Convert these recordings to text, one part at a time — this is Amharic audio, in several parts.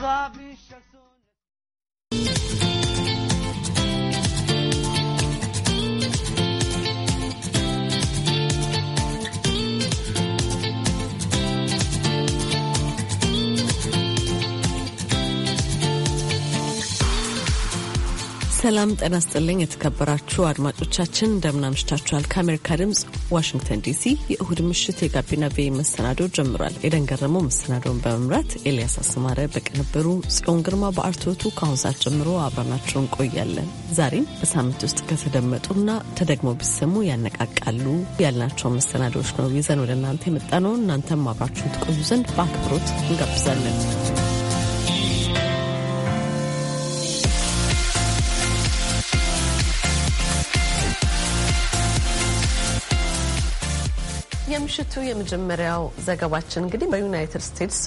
love ሰላም ጤና ስጥልኝ። የተከበራችሁ አድማጮቻችን እንደምን አምሽታችኋል? ከአሜሪካ ድምፅ ዋሽንግተን ዲሲ የእሁድ ምሽት የጋቢና ቤ መሰናዶ ጀምሯል። ኤደን ገረመው መሰናዶውን በመምራት ኤልያስ አስማረ በቅንብሩ፣ ጽዮን ግርማ በአርትዖቱ ከአሁን ሰዓት ጀምሮ አብረናችሁ እንቆያለን። ዛሬም በሳምንት ውስጥ ከተደመጡና ተደግሞ ቢሰሙ ያነቃቃሉ ያልናቸውን መሰናዶዎች ነው ይዘን ወደ እናንተ የመጣነው። እናንተም አብራችሁን ትቆዩ ዘንድ በአክብሮት እንጋብዛለን። የምሽቱ የመጀመሪያው ዘገባችን እንግዲህ በዩናይትድ ስቴትስ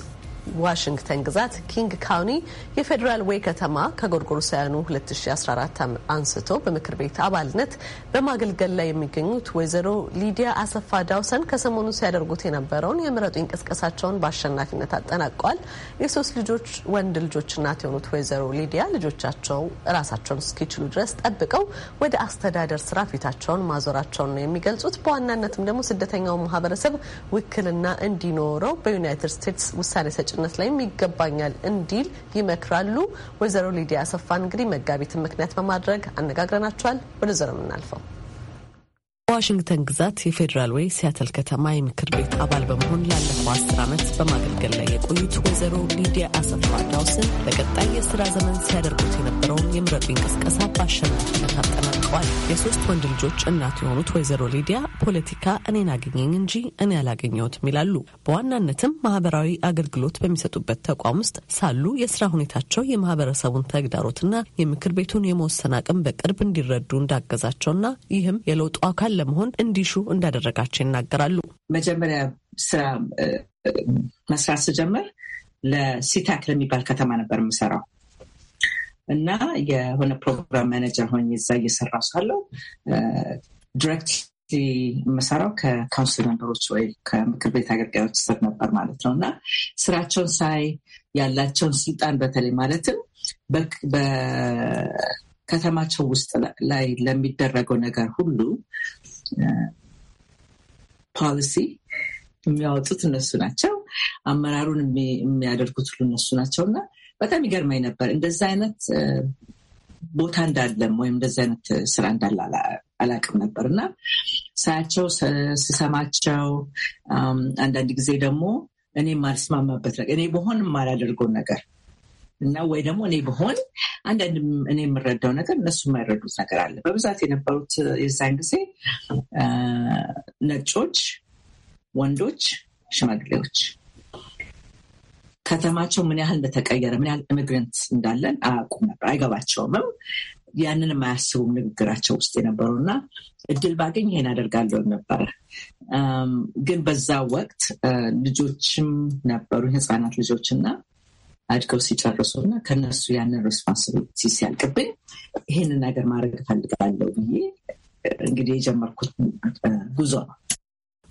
ዋሽንግተን ግዛት ኪንግ ካውኒ የፌዴራል ዌይ ከተማ ከጎርጎሮሳውያኑ 2014 አንስቶ በምክር ቤት አባልነት በማገልገል ላይ የሚገኙት ወይዘሮ ሊዲያ አሰፋ ዳውሰን ከሰሞኑ ሲያደርጉት የነበረውን የምረጡ ቅስቀሳቸውን በአሸናፊነት አጠናቀዋል። የሶስት ልጆች ወንድ ልጆች እናት የሆኑት ወይዘሮ ሊዲያ ልጆቻቸው ራሳቸውን እስኪችሉ ድረስ ጠብቀው ወደ አስተዳደር ስራ ፊታቸውን ማዞራቸውን ነው የሚገልጹት። በዋናነትም ደግሞ ስደተኛው ማህበረሰብ ውክልና እንዲኖረው በዩናይትድ ስቴትስ ውሳኔ ሰጭነት ጦርነት ላይም ይገባኛል እንዲል ይመክራሉ። ወይዘሮ ሊዲያ አሰፋ እንግዲህ መጋቢትን ምክንያት በማድረግ አነጋግረናቸዋል። ወደ ዘር የምናልፈው በዋሽንግተን ግዛት የፌዴራል ወይ ሲያተል ከተማ የምክር ቤት አባል በመሆን ላለፈው አስር ዓመት በማገልገል ላይ የቆዩት ወይዘሮ ሊዲያ አሰፋ ዳውስን በቀጣይ የስራ ዘመን ሲያደርጉት የነበረውን የምረጡ እንቅስቃሴ በአሸናፊነት አጠናቀዋል። የሶስት ወንድ ልጆች እናት የሆኑት ወይዘሮ ሊዲያ ፖለቲካ እኔን አገኘኝ እንጂ እኔ አላገኘሁትም ይላሉ። በዋናነትም ማህበራዊ አገልግሎት በሚሰጡበት ተቋም ውስጥ ሳሉ የስራ ሁኔታቸው የማህበረሰቡን ተግዳሮትና የምክር ቤቱን የመወሰን አቅም በቅርብ እንዲረዱ እንዳገዛቸውና ይህም የለውጡ አካል አባል ለመሆን እንዲሹ እንዳደረጋቸው ይናገራሉ። መጀመሪያ ስራ መስራት ስጀምር ለሲታክ ለሚባል ከተማ ነበር የምሰራው እና የሆነ ፕሮግራም ማኔጀር ሆኜ እዛ እየሰራሁ ሳለው ዲሬክት የምሰራው ከካውንስል መንበሮች ወይ ከምክር ቤት አገልጋዮች ስር ነበር ማለት ነው እና ስራቸውን ሳይ ያላቸውን ስልጣን በተለይ ማለትም በከተማቸው ውስጥ ላይ ለሚደረገው ነገር ሁሉ ፖሊሲ የሚያወጡት እነሱ ናቸው። አመራሩን የሚያደርጉት ሁሉ እነሱ ናቸው እና በጣም ይገርማኝ ነበር እንደዛ አይነት ቦታ እንዳለም ወይም እንደዚህ አይነት ስራ እንዳለ አላቅም ነበር እና ሳያቸው ስሰማቸው፣ አንዳንድ ጊዜ ደግሞ እኔ የማልስማማበት ነገር እኔ በሆን የማላደርገውን ነገር እና ወይ ደግሞ እኔ በሆን አንዳንድ እኔ የምረዳው ነገር እነሱ የማይረዱት ነገር አለ። በብዛት የነበሩት የዛን ጊዜ ነጮች ወንዶች፣ ሽማግሌዎች ከተማቸው ምን ያህል እንደተቀየረ ምን ያህል ኢሚግረንት እንዳለን አያውቁም ነበር፣ አይገባቸውምም። ያንን አያስቡም ንግግራቸው ውስጥ የነበሩ እና እድል ባገኝ ይሄን አደርጋለሁ ነበረ። ግን በዛ ወቅት ልጆችም ነበሩ፣ ህፃናት ልጆች እና አድገው ሲጨርሱ እና ከነሱ ያንን ሬስፖንሲቢሊቲ ሲያልቅብኝ ይህንን ነገር ማድረግ እፈልጋለሁ ብዬ እንግዲህ የጀመርኩት ጉዞ ነው።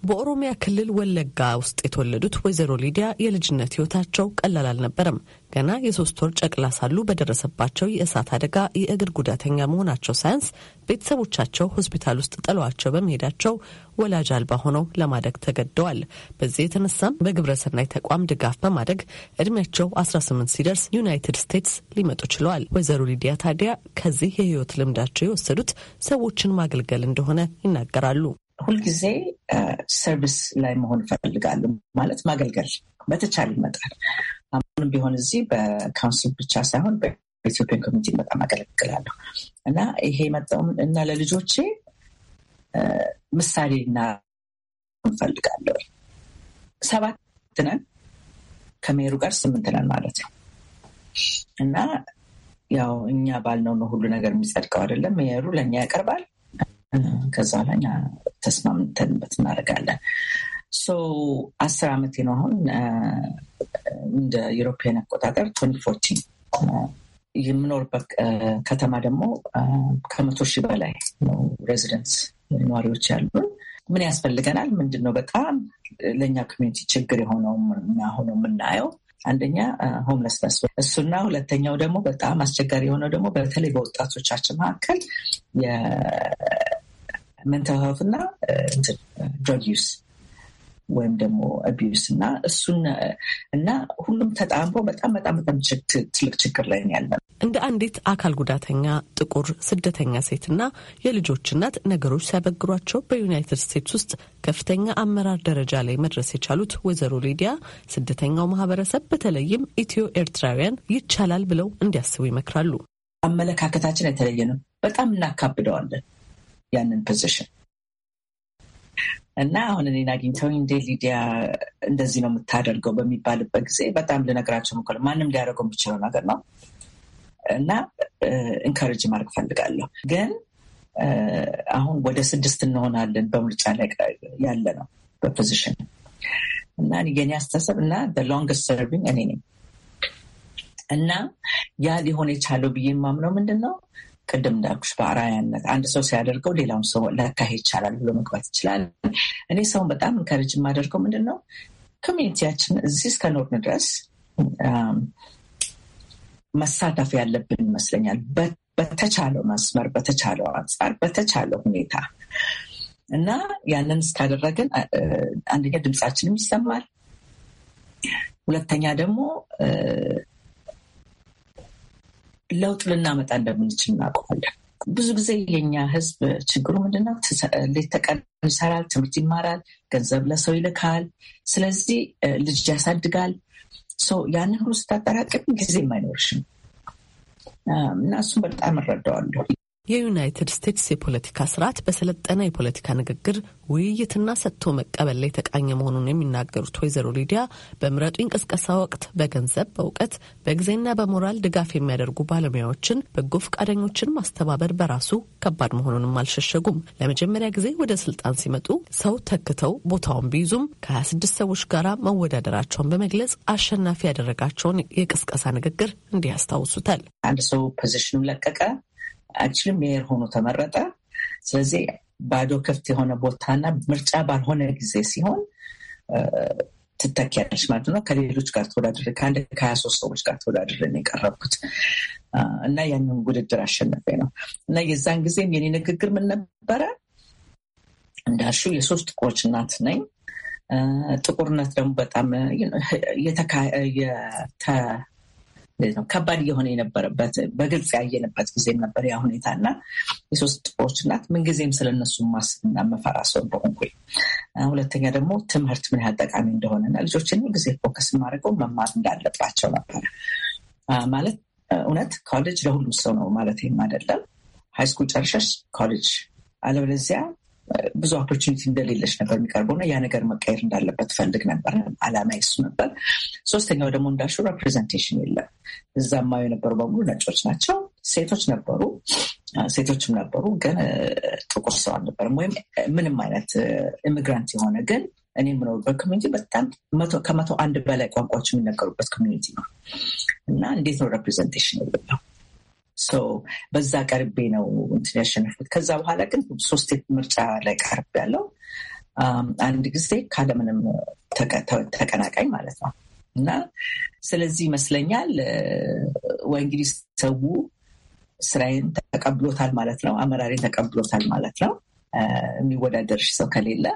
በኦሮሚያ ክልል ወለጋ ውስጥ የተወለዱት ወይዘሮ ሊዲያ የልጅነት ህይወታቸው ቀላል አልነበረም። ገና የሶስት ወር ጨቅላ ሳሉ በደረሰባቸው የእሳት አደጋ የእግር ጉዳተኛ መሆናቸው ሳያንስ ቤተሰቦቻቸው ሆስፒታል ውስጥ ጥለዋቸው በመሄዳቸው ወላጅ አልባ ሆነው ለማደግ ተገደዋል። በዚህ የተነሳም በግብረሰናይ ተቋም ድጋፍ በማደግ እድሜያቸው 18 ሲደርስ ዩናይትድ ስቴትስ ሊመጡ ችለዋል። ወይዘሮ ሊዲያ ታዲያ ከዚህ የህይወት ልምዳቸው የወሰዱት ሰዎችን ማገልገል እንደሆነ ይናገራሉ። ሁልጊዜ ሰርቪስ ላይ መሆን እፈልጋለሁ። ማለት ማገልገል በተቻለ ይመጣል። አሁንም ቢሆን እዚህ በካውንስል ብቻ ሳይሆን በኢትዮጵያን ኮሚኒቲ በጣም አገለግላለሁ እና ይሄ መጣውም እና ለልጆቼ ምሳሌ እና እንፈልጋለሁ። ሰባት ነን ከሜሩ ጋር ስምንት ነን ማለት ነው እና ያው እኛ ባልነው ነው ሁሉ ነገር የሚጸድቀው አይደለም። ሜሩ ለእኛ ያቀርባል ከዛ ላይ ተስማምተንበት እናደርጋለን። አስር ዓመቴ ነው አሁን እንደ ዩሮፒያን አቆጣጠር ቶኒ ፎርቲን የምኖርበት ከተማ ደግሞ ከመቶ ሺህ በላይ ነው ሬዚደንትስ ነዋሪዎች ያሉ። ምን ያስፈልገናል? ምንድን ነው በጣም ለእኛ ኮሚኒቲ ችግር የሆነው ሆኖ የምናየው አንደኛ ሆምለስነስ እሱና፣ ሁለተኛው ደግሞ በጣም አስቸጋሪ የሆነው ደግሞ በተለይ በወጣቶቻችን መካከል ሜንታል ሄልት እና ድረግ uh, ዩስ uh, ወይም ደግሞ አቢዩስ እና እሱን uh, እና ሁሉም ተጣምሮ በጣም በጣም በጣም ትልቅ ችግር ላይ ያለ እንደ አንዲት አካል ጉዳተኛ ጥቁር ስደተኛ ሴትና የልጆች እናት ነገሮች ሲያበግሯቸው በዩናይትድ ስቴትስ ውስጥ ከፍተኛ አመራር ደረጃ ላይ መድረስ የቻሉት ወይዘሮ ሊዲያ ስደተኛው ማህበረሰብ በተለይም ኢትዮ ኤርትራውያን ይቻላል ብለው እንዲያስቡ ይመክራሉ። አመለካከታችን የተለየ ነው። በጣም እናካብደዋለን ያንን ፖዚሽን እና አሁን እኔን አግኝተው እንዴ ሊዲያ እንደዚህ ነው የምታደርገው በሚባልበት ጊዜ በጣም ልነግራቸው ምኮ ማንም ሊያደርገው የሚችለው ነገር ነው እና ኢንካሬጅ ማድረግ ፈልጋለሁ። ግን አሁን ወደ ስድስት እንሆናለን በምርጫ ላይ ያለ ነው በፖዚሽን እና የኔ አስተሳሰብ እና ሎንግስት ሰርቪንግ እኔ ነኝ እና ያ ሊሆን የቻለው ብዬ የማምነው ምንድን ነው ቅድም እንዳልኩሽ በአራያነት አንድ ሰው ሲያደርገው ሌላውን ሰው ለካሄ ይቻላል ብሎ መግባት ይችላል። እኔ ሰውን በጣም እንከርጅ የማደርገው ምንድን ነው ኮሚኒቲያችን እዚህ ኖርን ድረስ መሳተፍ ያለብን ይመስለኛል። በተቻለው መስመር፣ በተቻለው አንጻር፣ በተቻለው ሁኔታ እና ያንን እስካደረግን አንደኛ ድምፃችንም ይሰማል፣ ሁለተኛ ደግሞ ለውጥ ልናመጣ እንደምንችል እናውቀዋለን። ብዙ ጊዜ የኛ ህዝብ ችግሩ ምንድነው? ሌት ተቀን ይሰራል፣ ትምህርት ይማራል፣ ገንዘብ ለሰው ይልካል፣ ስለዚህ ልጅ ያሳድጋል። ያንን ሁሉ ስታጠራቅም ጊዜ አይኖርሽም እና እሱም በጣም እረዳዋለሁ። የዩናይትድ ስቴትስ የፖለቲካ ስርዓት በሰለጠነ የፖለቲካ ንግግር ውይይትና ሰጥቶ መቀበል ላይ የተቃኘ መሆኑን የሚናገሩት ወይዘሮ ሊዲያ በምረጡኝ ቅስቀሳ ወቅት በገንዘብ፣ በእውቀት፣ በጊዜና በሞራል ድጋፍ የሚያደርጉ ባለሙያዎችን፣ በጎ ፈቃደኞችን ማስተባበር በራሱ ከባድ መሆኑንም አልሸሸጉም። ለመጀመሪያ ጊዜ ወደ ስልጣን ሲመጡ ሰው ተክተው ቦታውን ቢይዙም ከ26 ሰዎች ጋር መወዳደራቸውን በመግለጽ አሸናፊ ያደረጋቸውን የቅስቀሳ ንግግር እንዲህ ያስታውሱታል። አንድ ሰው ፖዚሽኑ ለቀቀ አንችልም ሜየር ሆኖ ተመረጠ። ስለዚህ ባዶ ክፍት የሆነ ቦታና ምርጫ ባልሆነ ጊዜ ሲሆን ትተኪያለች ማለት ነው። ከሌሎች ጋር ተወዳድር ከአንድ ከሀያ ሶስት ሰዎች ጋር ተወዳድርን የቀረብኩት እና ያንን ውድድር አሸነፈ ነው እና የዛን ጊዜም የኔ ንግግር ምን ነበረ እንዳሹ የሶስት ጥቁሮች እናት ነኝ። ጥቁርነት ደግሞ በጣም ከባድ እየሆነ የነበረበት በግልጽ ያየንበት ጊዜም ነበር ያ ሁኔታ እና የሶስት ጥቁሮች እናት ምንጊዜም ስለነሱ ማስብና መፈራ ሰው እንደሆንኩኝ፣ ሁለተኛ ደግሞ ትምህርት ምን ያህል ጠቃሚ እንደሆነና ልጆችን ጊዜ ፎከስ ማድረገው መማር እንዳለባቸው ነበር። ማለት እውነት ኮሌጅ ለሁሉም ሰው ነው ማለት ይህም አይደለም። ሃይስኩል ጨርሸሽ ኮሌጅ አለበለዚያ ብዙ ኦፖርቹኒቲ እንደሌለች ነበር የሚቀርበው እና ያ ነገር መቀየር እንዳለበት ፈልግ ነበር። አላማ ይሱ ነበር። ሶስተኛው ደግሞ እንዳሹ ሬፕሬዘንቴሽን የለም። እዛማ የነበሩ በሙሉ ነጮች ናቸው። ሴቶች ነበሩ፣ ሴቶችም ነበሩ፣ ግን ጥቁር ሰው አልነበርም። ወይም ምንም አይነት ኢሚግራንት የሆነ ግን እኔ የምኖርበት ኮሚኒቲ በጣም ከመቶ አንድ በላይ ቋንቋዎች የሚነገሩበት ኮሚኒቲ ነው እና እንዴት ነው ሬፕሬዘንቴሽን የሌለው በዛ ቀርቤ ነው እንትን ያሸነፍኩት። ከዛ በኋላ ግን ሶስት ምርጫ ላይ ቀርብ ያለው አንድ ጊዜ ካለምንም ተቀናቃኝ ማለት ነው እና ስለዚህ ይመስለኛል ወይ እንግዲህ ሰው ስራዬን ተቀብሎታል ማለት ነው፣ አመራሬን ተቀብሎታል ማለት ነው። የሚወዳደርሽ ሰው ከሌለ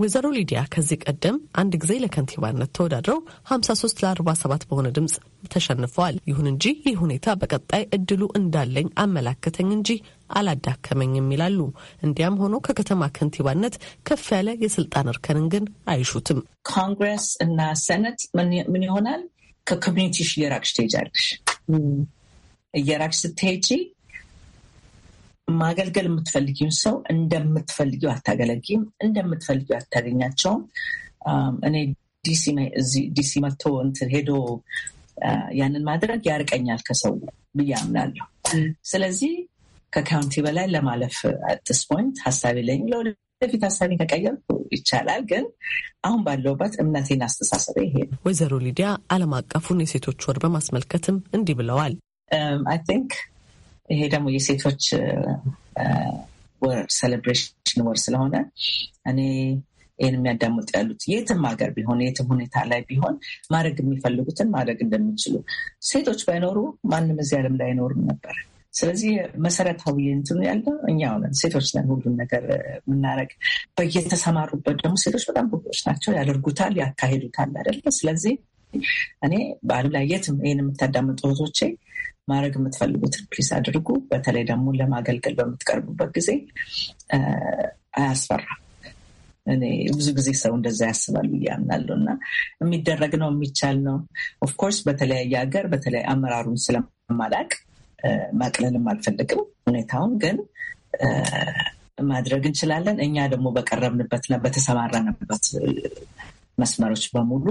ወይዘሮ ሊዲያ ከዚህ ቀደም አንድ ጊዜ ለከንቲባነት ተወዳድረው 53 ለ47 በሆነ ድምፅ ተሸንፈዋል። ይሁን እንጂ ይህ ሁኔታ በቀጣይ እድሉ እንዳለኝ አመላከተኝ እንጂ አላዳከመኝም ይላሉ። እንዲያም ሆኖ ከከተማ ከንቲባነት ከፍ ያለ የስልጣን እርከንን ግን አይሹትም። ኮንግረስ እና ሰነት ምን ይሆናል? ከኮሚኒቲሽ እየራቅሽ ትሄጃለሽ። እየራቅሽ ስትሄጂ ማገልገል የምትፈልጊውን ሰው እንደምትፈልጊው አታገለጊም፣ እንደምትፈልጊው አታገኛቸውም። እኔ ዲሲ መጥቶ እንትን ሄዶ ያንን ማድረግ ያርቀኛል ከሰው ብዬ አምናለሁ። ስለዚህ ከካውንቲ በላይ ለማለፍ አትስ ፖይንት ሀሳብ ለኝ ለወደፊት ሀሳቤን ከቀየርኩ ይቻላል፣ ግን አሁን ባለውበት እምነቴን አስተሳሰበ ይሄ ነው። ወይዘሮ ሊዲያ ዓለም አቀፉን የሴቶች ወር በማስመልከትም እንዲህ ብለዋል። አይ um, ቲንክ ይሄ ደግሞ የሴቶች ወር ሴሌብሬሽን ወር ስለሆነ እኔ ይህን የሚያዳምጡ ያሉት የትም ሀገር ቢሆን የትም ሁኔታ ላይ ቢሆን ማድረግ የሚፈልጉትን ማድረግ እንደሚችሉ ሴቶች ባይኖሩ ማንም እዚህ ዓለም ላይ አይኖርም ነበር። ስለዚህ መሰረታዊ እንትኑ ያለው እኛ ሆነን ሴቶች ነን። ሁሉም ነገር የምናደርግ በየተሰማሩበት ደግሞ ሴቶች በጣም ጎበዞች ናቸው። ያደርጉታል፣ ያካሄዱታል አይደለ? ስለዚህ እኔ በዓለም ላይ የትም ይህን የምታዳምጡ እህቶቼ ማድረግ የምትፈልጉትን ፕሊስ አድርጉ። በተለይ ደግሞ ለማገልገል በምትቀርቡበት ጊዜ አያስፈራም። እኔ ብዙ ጊዜ ሰው እንደዛ ያስባል ብዬ አምናለሁ እና የሚደረግ ነው የሚቻል ነው። ኦፍኮርስ በተለያየ ሀገር በተለይ አመራሩን ስለማላቅ ማቅለልም አልፈልግም ሁኔታውን ግን ማድረግ እንችላለን። እኛ ደግሞ በቀረብንበትና በተሰማራንበት መስመሮች በሙሉ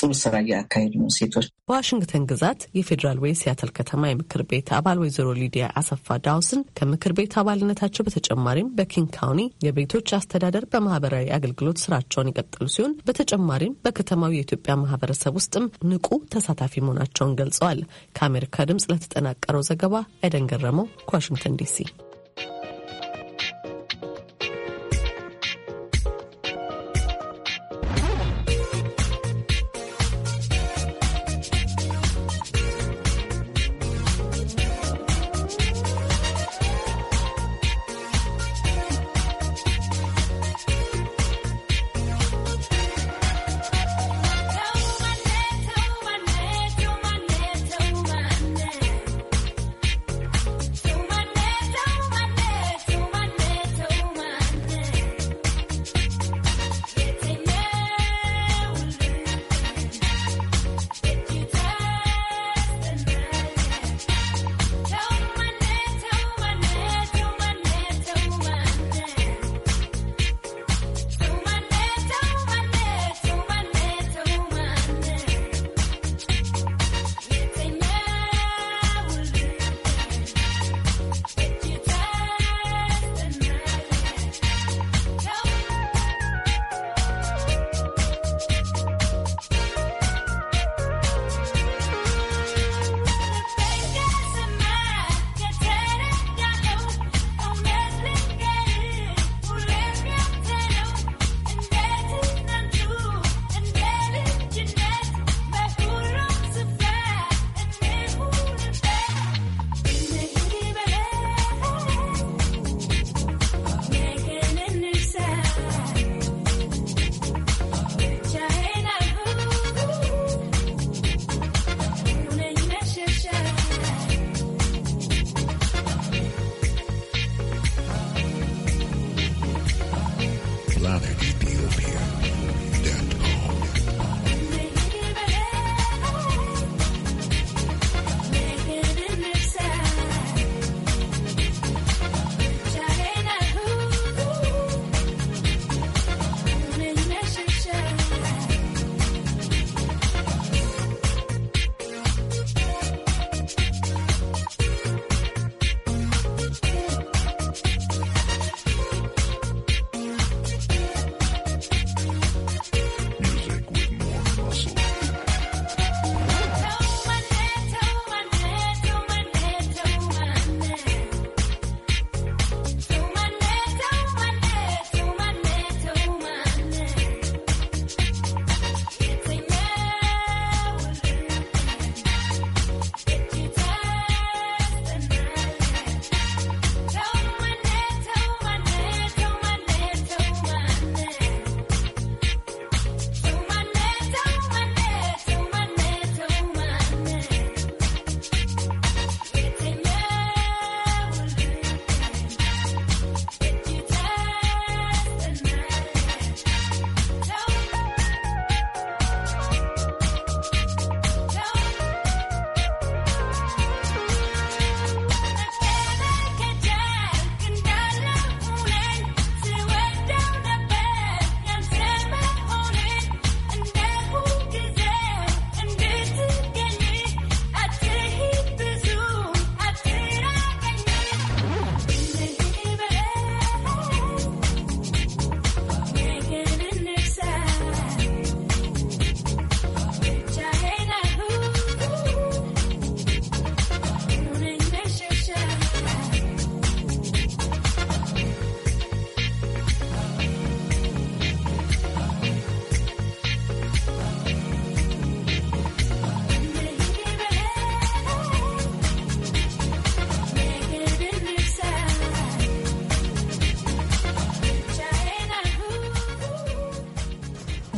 ጥሩ ስራ እያካሄዱ ነው ሴቶች። በዋሽንግተን ግዛት የፌዴራል ወይ ሲያትል ከተማ የምክር ቤት አባል ወይዘሮ ሊዲያ አሰፋ ዳውስን ከምክር ቤት አባልነታቸው በተጨማሪም በኪንግ ካውኒ የቤቶች አስተዳደር በማህበራዊ አገልግሎት ስራቸውን የቀጠሉ ሲሆን በተጨማሪም በከተማው የኢትዮጵያ ማህበረሰብ ውስጥም ንቁ ተሳታፊ መሆናቸውን ገልጸዋል። ከአሜሪካ ድምጽ ለተጠናቀረው ዘገባ አይደን ገረመው ከዋሽንግተን ዲሲ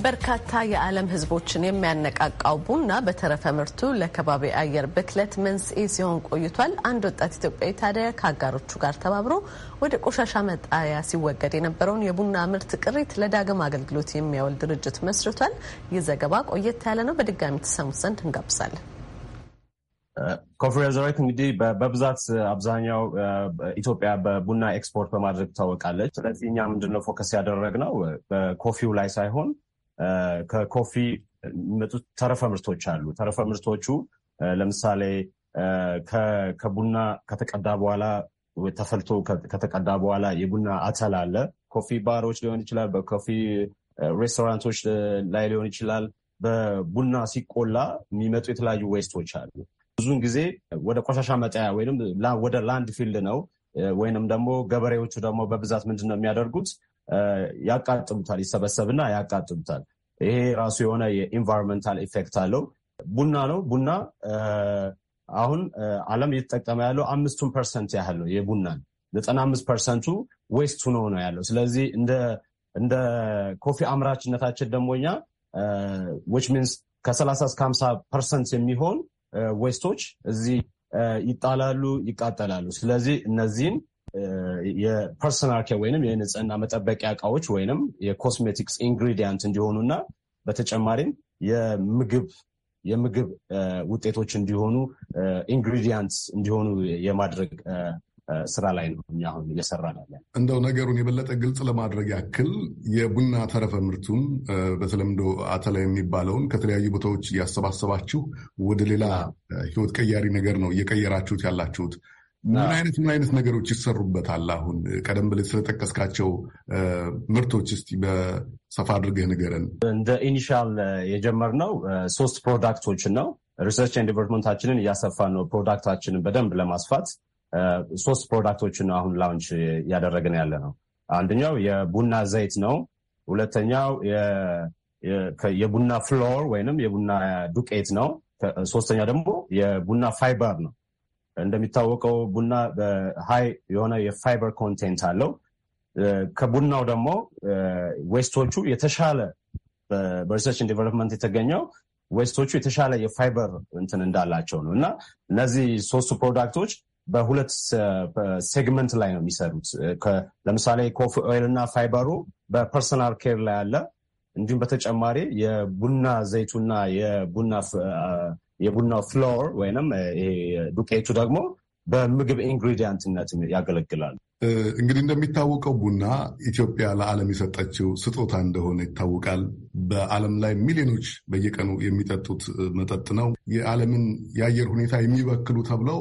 በርካታ የዓለም ሕዝቦችን የሚያነቃቃው ቡና በተረፈ ምርቱ ለከባቢ አየር ብክለት መንስኤ ሲሆን ቆይቷል። አንድ ወጣት ኢትዮጵያዊ ታዲያ ከአጋሮቹ ጋር ተባብሮ ወደ ቆሻሻ መጣያ ሲወገድ የነበረውን የቡና ምርት ቅሪት ለዳግም አገልግሎት የሚያውል ድርጅት መስርቷል። ይህ ዘገባ ቆየት ያለ ነው። በድጋሚ ተሰሙት ዘንድ እንጋብዛለን። ኮፍሬ ዘሮይት እንግዲህ በብዛት አብዛኛው ኢትዮጵያ በቡና ኤክስፖርት በማድረግ ትታወቃለች። ስለዚህ እኛ ምንድነው ፎከስ ያደረግነው በኮፊው ላይ ሳይሆን ከኮፊ የሚመጡ ተረፈ ምርቶች አሉ። ተረፈ ምርቶቹ ለምሳሌ ከቡና ከተቀዳ በኋላ ተፈልቶ ከተቀዳ በኋላ የቡና አተል አለ። ኮፊ ባሮች ሊሆን ይችላል፣ በኮፊ ሬስቶራንቶች ላይ ሊሆን ይችላል። በቡና ሲቆላ የሚመጡ የተለያዩ ዌስቶች አሉ። ብዙውን ጊዜ ወደ ቆሻሻ መጣያ ወይም ወደ ላንድ ፊልድ ነው። ወይንም ደግሞ ገበሬዎቹ ደግሞ በብዛት ምንድን ነው የሚያደርጉት ያቃጥሉታል፣ ይሰበሰብና ያቃጥሉታል። ይሄ ራሱ የሆነ የኢንቫይሮንመንታል ኢፌክት አለው። ቡና ነው። ቡና አሁን ዓለም እየተጠቀመ ያለው አምስቱን ፐርሰንት ያህል ነው የቡናን ዘጠና አምስት ፐርሰንቱ ዌስት ሆኖ ነው ያለው። ስለዚህ እንደ ኮፊ አምራችነታችን ደግሞ እኛ ዊች ሚንስ ከሰላሳ እስከ ሀምሳ ፐርሰንት የሚሆን ዌስቶች እዚህ ይጣላሉ፣ ይቃጠላሉ። ስለዚህ እነዚህን የፐርሰናል ኬር ወይንም የንጽህና መጠበቂያ እቃዎች ወይንም የኮስሜቲክስ ኢንግሪዲያንት እንዲሆኑና በተጨማሪም የምግብ የምግብ ውጤቶች እንዲሆኑ ኢንግሪዲያንት እንዲሆኑ የማድረግ ስራ ላይ ነው እኛ አሁን እየሰራ ነው እንደው ነገሩን የበለጠ ግልጽ ለማድረግ ያክል የቡና ተረፈ ምርቱን በተለምዶ አተላ የሚባለውን ከተለያዩ ቦታዎች እያሰባሰባችሁ ወደ ሌላ ህይወት ቀያሪ ነገር ነው እየቀየራችሁት ያላችሁት። ምን አይነት ምን አይነት ነገሮች ይሰሩበታል? አሁን ቀደም ብለህ ስለጠቀስካቸው ምርቶች እስቲ በሰፋ አድርገህ ንገረን። እንደ ኢኒሻል የጀመርነው ሶስት ፕሮዳክቶችን ነው። ሪሰርች ኤንድ ዲቨሎፕመንታችንን እያሰፋን ነው። ፕሮዳክታችንን በደንብ ለማስፋት ሶስት ፕሮዳክቶችን አሁን ላውንች እያደረግን ያለ ነው። አንደኛው የቡና ዘይት ነው። ሁለተኛው የቡና ፍሎር ወይንም የቡና ዱቄት ነው። ሶስተኛው ደግሞ የቡና ፋይበር ነው። እንደሚታወቀው ቡና በሀይ የሆነ የፋይበር ኮንቴንት አለው። ከቡናው ደግሞ ዌስቶቹ የተሻለ በሪሰርች ዲቨሎፕመንት የተገኘው ዌስቶቹ የተሻለ የፋይበር እንትን እንዳላቸው ነው እና እነዚህ ሶስቱ ፕሮዳክቶች በሁለት ሴግመንት ላይ ነው የሚሰሩት። ለምሳሌ ኮፊ ኦይል እና ፋይበሩ በፐርሰናል ኬር ላይ አለ። እንዲሁም በተጨማሪ የቡና ዘይቱና የቡና የቡናው ፍሎር ወይም ዱቄቱ ደግሞ በምግብ ኢንግሪዲየንትነት ያገለግላል። እንግዲህ እንደሚታወቀው ቡና ኢትዮጵያ ለዓለም የሰጠችው ስጦታ እንደሆነ ይታወቃል። በዓለም ላይ ሚሊዮኖች በየቀኑ የሚጠጡት መጠጥ ነው። የዓለምን የአየር ሁኔታ የሚበክሉ ተብለው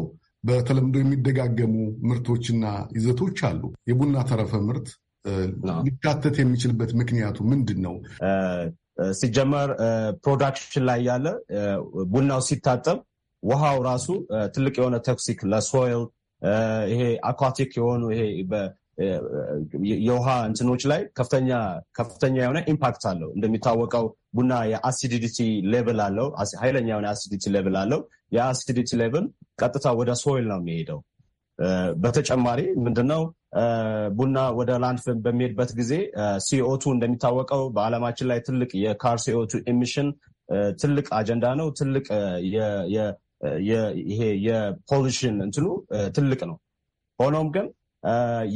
በተለምዶ የሚደጋገሙ ምርቶችና ይዘቶች አሉ። የቡና ተረፈ ምርት ሊካተት የሚችልበት ምክንያቱ ምንድን ነው? ሲጀመር ፕሮዳክሽን ላይ ያለ ቡናው ሲታጠብ ውሃው ራሱ ትልቅ የሆነ ቶክሲክ ለሶይል ይሄ አኳቲክ የሆኑ ይሄ የውሃ እንትኖች ላይ ከፍተኛ የሆነ ኢምፓክት አለው። እንደሚታወቀው ቡና የአሲዲዲቲ ሌቭል አለው፣ ኃይለኛ የሆነ የአሲዲቲ ሌቭል አለው። የአሲዲቲ ሌቭል ቀጥታ ወደ ሶይል ነው የሚሄደው። በተጨማሪ ምንድነው ቡና ወደ ላንድፊል በሚሄድበት ጊዜ ሲኦቱ እንደሚታወቀው በዓለማችን ላይ ትልቅ የካር ሲኦቱ ኢሚሽን ትልቅ አጀንዳ ነው። ትልቅ ይሄ የፖሊሽን እንትኑ ትልቅ ነው። ሆኖም ግን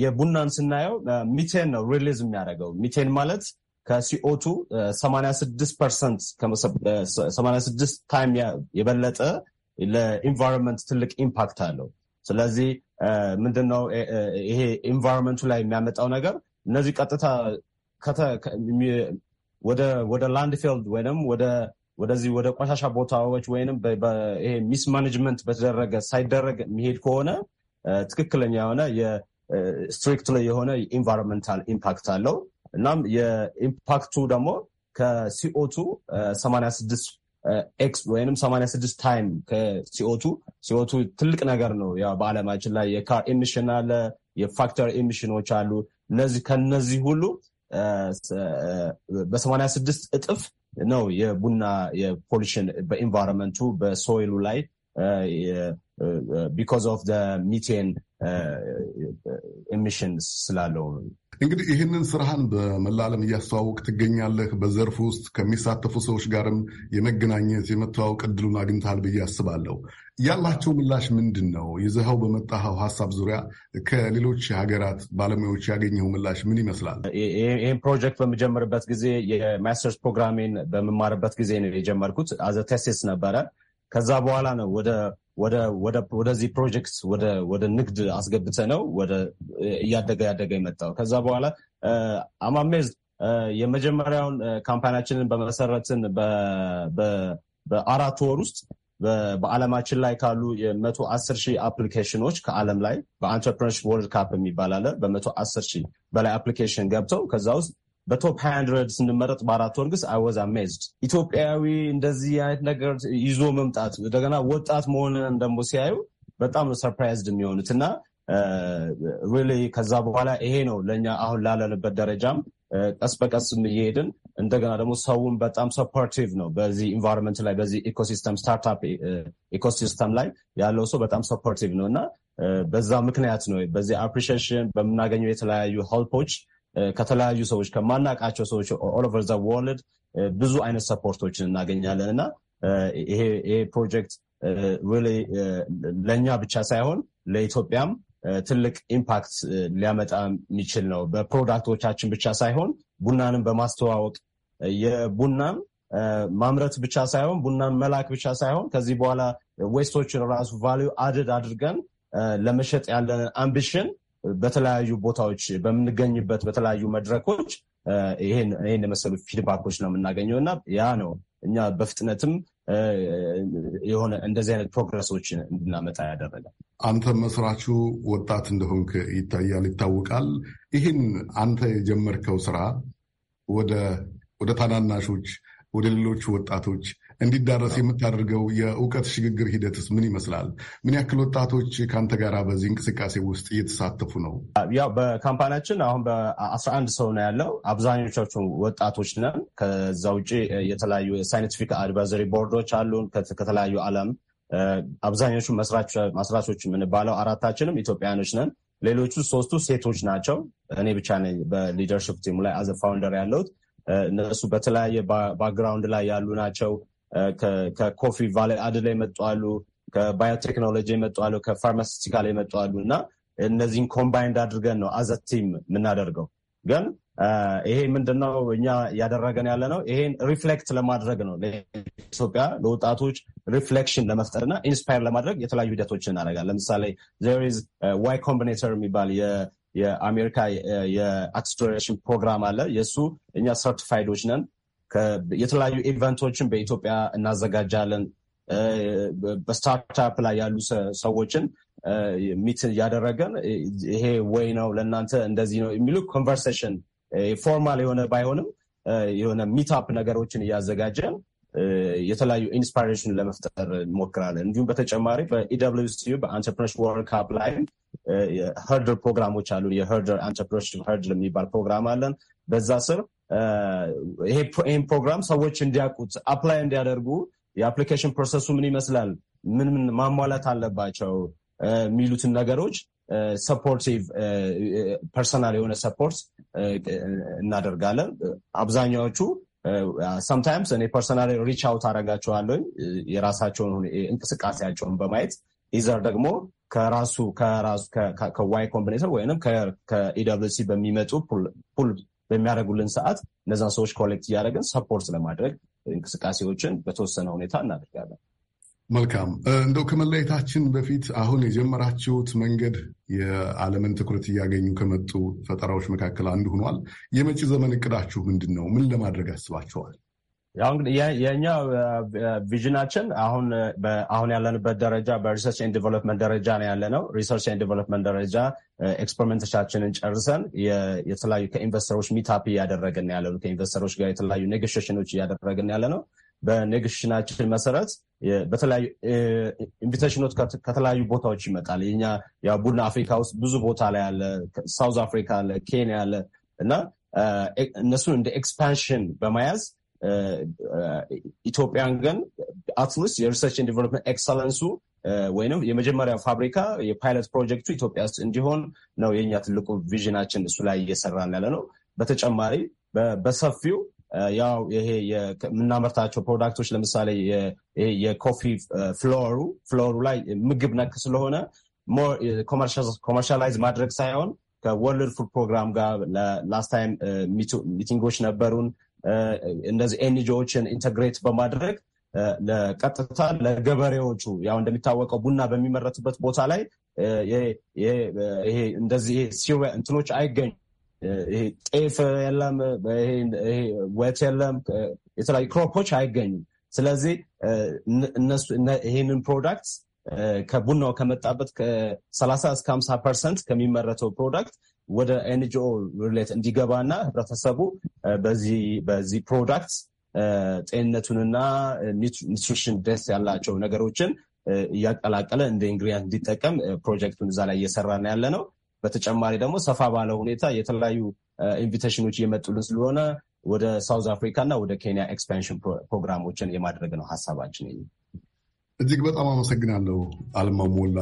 የቡናን ስናየው ሚቴን ነው ሪሊዝ የሚያደርገው። ሚቴን ማለት ከሲኦቱ 86 ፐርሰንት 86 ታይም የበለጠ ለኢንቫይሮንመንት ትልቅ ኢምፓክት አለው። ስለዚህ ምንድነው ይሄ ኢንቫይሮንመንቱ ላይ የሚያመጣው ነገር እነዚህ ቀጥታ ወደ ላንድ ፊልድ ወይም ወደዚህ ወደ ቆሻሻ ቦታዎች ወይም ይሄ ሚስ ማኔጅመንት በተደረገ ሳይደረግ የሚሄድ ከሆነ ትክክለኛ የሆነ ስትሪክት ላይ የሆነ ኢንቫይሮንመንታል ኢምፓክት አለው። እናም የኢምፓክቱ ደግሞ ከሲኦቱ 86 ኤክስ ወይም 86 ታይም ከሲኦቱ ሲኦቱ ትልቅ ነገር ነው። ያው በዓለማችን ላይ የካር ኤሚሽን አለ፣ የፋክተሪ ኢሚሽኖች አሉ። እነዚህ ከነዚህ ሁሉ በ86 እጥፍ ነው የቡና የፖሊሽን በኢንቫይሮንመንቱ በሶይሉ ላይ ቢኮዝ ኦፍ ሚቴን ኢሚሽንስ ስላለው እንግዲህ ይህንን ስራህን በመላለም እያስተዋወቅ ትገኛለህ። በዘርፍ ውስጥ ከሚሳተፉ ሰዎች ጋርም የመገናኘት የመተዋወቅ እድሉን አግኝተሃል ብዬ አስባለሁ። ያላቸው ምላሽ ምንድን ነው? ይዘኸው በመጣኸው ሀሳብ ዙሪያ ከሌሎች ሀገራት ባለሙያዎች ያገኘው ምላሽ ምን ይመስላል? ይህን ፕሮጀክት በምጀምርበት ጊዜ የማስተርስ ፕሮግራሜን በምማርበት ጊዜ ነው የጀመርኩት። አዘ ቴሲስ ነበረ። ከዛ በኋላ ነው ወደ ወደዚህ ፕሮጀክት ወደ ንግድ አስገብተ ነው እያደገ ያደገ የመጣው። ከዛ በኋላ አማሜዝ የመጀመሪያውን ካምፓኒያችንን በመሰረትን በአራት ወር ውስጥ በዓለማችን ላይ ካሉ የመቶ አስር ሺህ አፕሊኬሽኖች ከዓለም ላይ በአንትርፕረነርሺፕ ወርልድ ካፕ የሚባል አለ። በመቶ አስር ሺህ በላይ አፕሊኬሽን ገብተው ከዛ ውስጥ በቶፕ ሃንድረድ ስንመረጥ በአራት ወር ግስ አይወዝ አሜዝድ ኢትዮጵያዊ እንደዚህ አይነት ነገር ይዞ መምጣት እንደገና ወጣት መሆንን ደግሞ ሲያዩ በጣም ሰርፕራይዝድ የሚሆኑት እና ሪሊ ከዛ በኋላ ይሄ ነው ለእኛ አሁን ላለንበት ደረጃም ቀስ በቀስ እየሄድን እንደገና ደግሞ ሰውን በጣም ሰፖርቲቭ ነው። በዚህ ኢንቫይሮንመንት ላይ በዚህ ኢኮሲስተም ስታርታፕ ኢኮሲስተም ላይ ያለው ሰው በጣም ሰፖርቲቭ ነው እና በዛ ምክንያት ነው በዚህ አፕሪሺዬሽን በምናገኘው የተለያዩ ሄልፖች ከተለያዩ ሰዎች ከማናውቃቸው ሰዎች ኦቨር ዘ ወርልድ ብዙ አይነት ሰፖርቶችን እናገኛለን እና ይሄ ፕሮጀክት ለእኛ ብቻ ሳይሆን ለኢትዮጵያም ትልቅ ኢምፓክት ሊያመጣ የሚችል ነው። በፕሮዳክቶቻችን ብቻ ሳይሆን ቡናንም በማስተዋወቅ የቡናን ማምረት ብቻ ሳይሆን ቡናን መላክ ብቻ ሳይሆን ከዚህ በኋላ ዌስቶችን ራሱ ቫሊዩ አድድ አድርገን ለመሸጥ ያለን አምቢሽን በተለያዩ ቦታዎች በምንገኝበት በተለያዩ መድረኮች ይህን የመሰሉ ፊድባኮች ነው የምናገኘው እና ያ ነው እኛ በፍጥነትም የሆነ እንደዚህ አይነት ፕሮግረሶች እንድናመጣ ያደረገ። አንተ መስራቹ ወጣት እንደሆንክ ይታያል፣ ይታወቃል። ይህን አንተ የጀመርከው ስራ ወደ ታናናሾች፣ ወደ ሌሎች ወጣቶች እንዲዳረስ የምታደርገው የእውቀት ሽግግር ሂደትስ ምን ይመስላል? ምን ያክል ወጣቶች ከአንተ ጋር በዚህ እንቅስቃሴ ውስጥ እየተሳተፉ ነው? ያው በካምፓኒያችን አሁን በአስራ አንድ ሰው ነው ያለው። አብዛኞቻችን ወጣቶች ነን። ከዛ ውጭ የተለያዩ የሳይንቲፊክ አድቫይዘሪ ቦርዶች አሉን ከተለያዩ ዓለም አብዛኞቹ መስራቾች የምንባለው አራታችንም ኢትዮጵያኖች ነን። ሌሎቹ ሶስቱ ሴቶች ናቸው። እኔ ብቻ ነኝ በሊደርሽፕ ቲሙ ላይ አዘ ፋውንደር ያለሁት። እነሱ በተለያየ ባክግራውንድ ላይ ያሉ ናቸው። ከኮፊ ቫሊ አድላ የመጡ አሉ፣ ከባዮቴክኖሎጂ የመጡ አሉ፣ ከፋርማሲቲካል የመጡ አሉ እና እነዚህን ኮምባይንድ አድርገን ነው አዘ ቲም የምናደርገው። ግን ይሄ ምንድነው እኛ እያደረገን ያለ ነው፣ ይሄን ሪፍሌክት ለማድረግ ነው። ኢትዮጵያ ለወጣቶች ሪፍሌክሽን ለመፍጠር እና ኢንስፓየር ለማድረግ የተለያዩ ሂደቶችን እናደርጋለን። ለምሳሌ ዜር ኢዝ ዋይ ኮምቢኔተር የሚባል የአሜሪካ የአክስለሬሽን ፕሮግራም አለ። የእሱ እኛ ሰርቲፋይዶች ነን። የተለያዩ ኢቨንቶችን በኢትዮጵያ እናዘጋጃለን። በስታርታፕ ላይ ያሉ ሰዎችን ሚት እያደረገን ይሄ ወይ ነው ለእናንተ እንደዚህ ነው የሚሉ ኮንቨርሴሽን ፎርማል የሆነ ባይሆንም የሆነ ሚትፕ ነገሮችን እያዘጋጀን የተለያዩ ኢንስፓይሬሽን ለመፍጠር እንሞክራለን። እንዲሁም በተጨማሪ በኢዩ በአንተርፕረነርሽ ወርልድ ካፕ ላይም የህርድር ፕሮግራሞች አሉ። የህርድር አንተርፕረነርሽፕ የሚባል ፕሮግራም አለን። በዛ ስር ይህን ፕሮግራም ሰዎች እንዲያውቁት አፕላይ እንዲያደርጉ የአፕሊኬሽን ፕሮሰሱ ምን ይመስላል፣ ምን ምን ማሟላት አለባቸው የሚሉትን ነገሮች ሰፖርቲቭ ፐርሰናል የሆነ ሰፖርት እናደርጋለን። አብዛኛዎቹ ሰምታይምስ እኔ ፐርሰናል ሪች አውት አደርጋቸዋለሁ የራሳቸውን እንቅስቃሴያቸውን በማየት ኢዘር ደግሞ ከራሱ ከዋይ ኮምቢኔተር ወይም ከኢደብሊሲ e በሚመጡ ፑል በሚያደርጉልን ሰዓት እነዛን ሰዎች ኮሌክት እያደረግን ሰፖርት ለማድረግ እንቅስቃሴዎችን በተወሰነ ሁኔታ እናደርጋለን። መልካም። እንደው ከመለየታችን በፊት አሁን የጀመራችሁት መንገድ የዓለምን ትኩረት እያገኙ ከመጡ ፈጠራዎች መካከል አንዱ ሆኗል። የመጪ ዘመን እቅዳችሁ ምንድን ነው? ምን ለማድረግ አስባችኋል? ያው እንግዲህ የእኛ ቪዥናችን አሁን አሁን ያለንበት ደረጃ በሪሰርች ኤንድ ዲቨሎፕመንት ደረጃ ነው ያለ ነው። ሪሰርች ኤንድ ዲቨሎፕመንት ደረጃ ኤክስፐሪመንቶቻችንን ጨርሰን የተለያዩ ከኢንቨስተሮች ሚታፕ እያደረግን ያለ ነው። ከኢንቨስተሮች ጋር የተለያዩ ኔጎሽሽኖች እያደረግን ያለ ነው። በኔጎሽሽናችን መሰረት በተለያዩ ኢንቪቴሽኖች ከተለያዩ ቦታዎች ይመጣል። የኛ ቡድን አፍሪካ ውስጥ ብዙ ቦታ ላይ ያለ፣ ሳውዝ አፍሪካ አለ፣ ኬንያ አለ እና እነሱን እንደ ኤክስፓንሽን በመያዝ ኢትዮጵያን ግን አትሊስት የሪሰርች ዲቨሎፕመንት ኤክሰለንሱ ወይም የመጀመሪያ ፋብሪካ የፓይለት ፕሮጀክቱ ኢትዮጵያ ውስጥ እንዲሆን ነው የኛ ትልቁ ቪዥናችን። እሱ ላይ እየሰራን ያለ ነው። በተጨማሪ በሰፊው ያው ይሄ የምናመርታቸው ፕሮዳክቶች ለምሳሌ የኮፊ ፍሎሩ ፍሎሩ ላይ ምግብ ነክ ስለሆነ ኮመርሻላይዝ ማድረግ ሳይሆን ከወርልድ ፉድ ፕሮግራም ጋር ላስት ታይም ሚቲንጎች ነበሩን። እነዚህ ኤንጂኦዎችን ኢንተግሬት በማድረግ ለቀጥታ ለገበሬዎቹ ያው እንደሚታወቀው ቡና በሚመረትበት ቦታ ላይ እንደዚህ እንደዚህ እንትኖች አይገኙ ጤፍ የለም፣ ወት የለም፣ የተለያዩ ክሮፖች አይገኙም። ስለዚህ ይህንን ፕሮዳክት ከቡናው ከመጣበት ከሰላሳ እስከ ሀምሳ ፐርሰንት ከሚመረተው ፕሮዳክት ወደ ኤንጂኦ ሪሌት እንዲገባና ህብረተሰቡ በዚህ ፕሮዳክት ጤንነቱንና ኒትሪሽን ደስ ያላቸው ነገሮችን እያቀላቀለ እንደ ኢንግሪዲየንት እንዲጠቀም ፕሮጀክቱን እዛ ላይ ነው ያለ ነው። በተጨማሪ ደግሞ ሰፋ ባለ ሁኔታ የተለያዩ ኢንቪቴሽኖች እየመጡልን ስለሆነ ወደ ሳውዝ አፍሪካ እና ወደ ኬንያ ኤክስፓንሽን ፕሮግራሞችን የማድረግ ነው ሀሳባችን። እጅግ በጣም አመሰግናለሁ አልማሞላ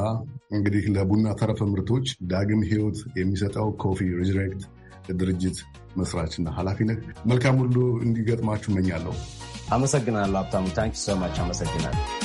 እንግዲህ ለቡና ተረፈ ምርቶች ዳግም ህይወት የሚሰጠው ኮፊ ሪዝሬክት ድርጅት መስራችና ኃላፊ ነህ። መልካም ሁሉ እንዲገጥማችሁ እመኛለሁ። አመሰግናለሁ ሀብታሙ። ታንክ ሶ ማች። አመሰግናለሁ።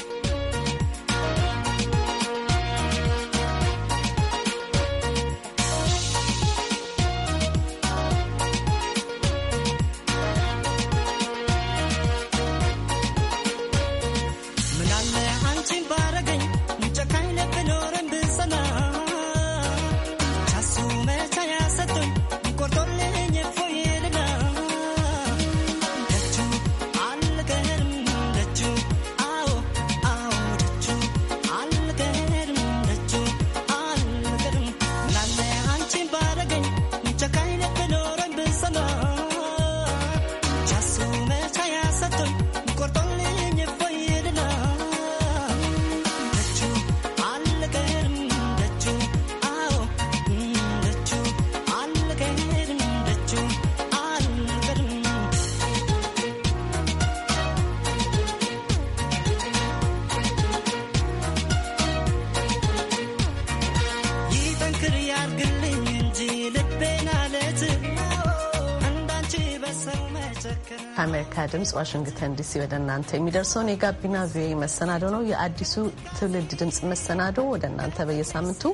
የአሜሪካ ድምጽ ዋሽንግተን ዲሲ ወደ እናንተ የሚደርሰውን የጋቢና ቪኦኤ መሰናዶ ነው። የአዲሱ ትውልድ ድምጽ መሰናዶ ወደ እናንተ በየሳምንቱ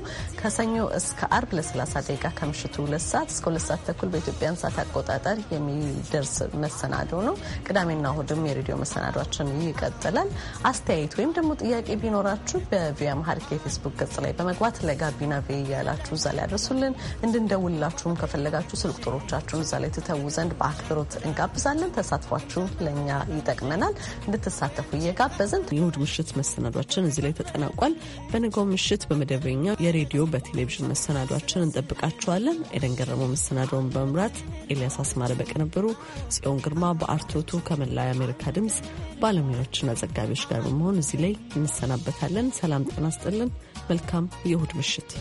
ከሰኞ እስከ አርብ ለ30 ደቂቃ ከምሽቱ ሁለት ሰዓት እስከ ሁለት ሰዓት ተኩል በኢትዮጵያን ሰዓት አቆጣጠር የሚደርስ መሰናዶ ነው። ቅዳሜና እሁድም የሬዲዮ መሰናዷችን ይቀጥላል። አስተያየት ወይም ደግሞ ጥያቄ ቢኖራችሁ በቪያ መሀሪክ የፌስቡክ ገጽ ላይ በመግባት ለጋቢና ቪ እያላችሁ እዛ ላይ ያደርሱልን። እንድንደውልላችሁም ከፈለጋችሁ ስልክ ቁጥሮቻችሁን እዛ ላይ ትተዉ ዘንድ በአክብሮት እንጋብዛለን። ተሳትፏችሁ ለእኛ ይጠቅመናል። እንድትሳተፉ እየጋበዝን የእሁድ ምሽት መሰናዷችን እዚህ ላይ ተጠናቋል። በነገው ምሽት በመደበኛ የሬዲዮ በቴሌቪዥን መሰናዷችን እንጠብቃችኋለን። ኤደን ገረመው መሰናዶውን በመምራት ኤልያስ አስማረ በቅንብሩ፣ ጽዮን ግርማ በአርቶቱ ከመላው የአሜሪካ ድምፅ ባለሙያዎችና ዘጋቢዎች ጋር በመሆን እዚህ ላይ እንሰናበታለን። ሰላም ጤና ስጥልን። መልካም የእሁድ ምሽት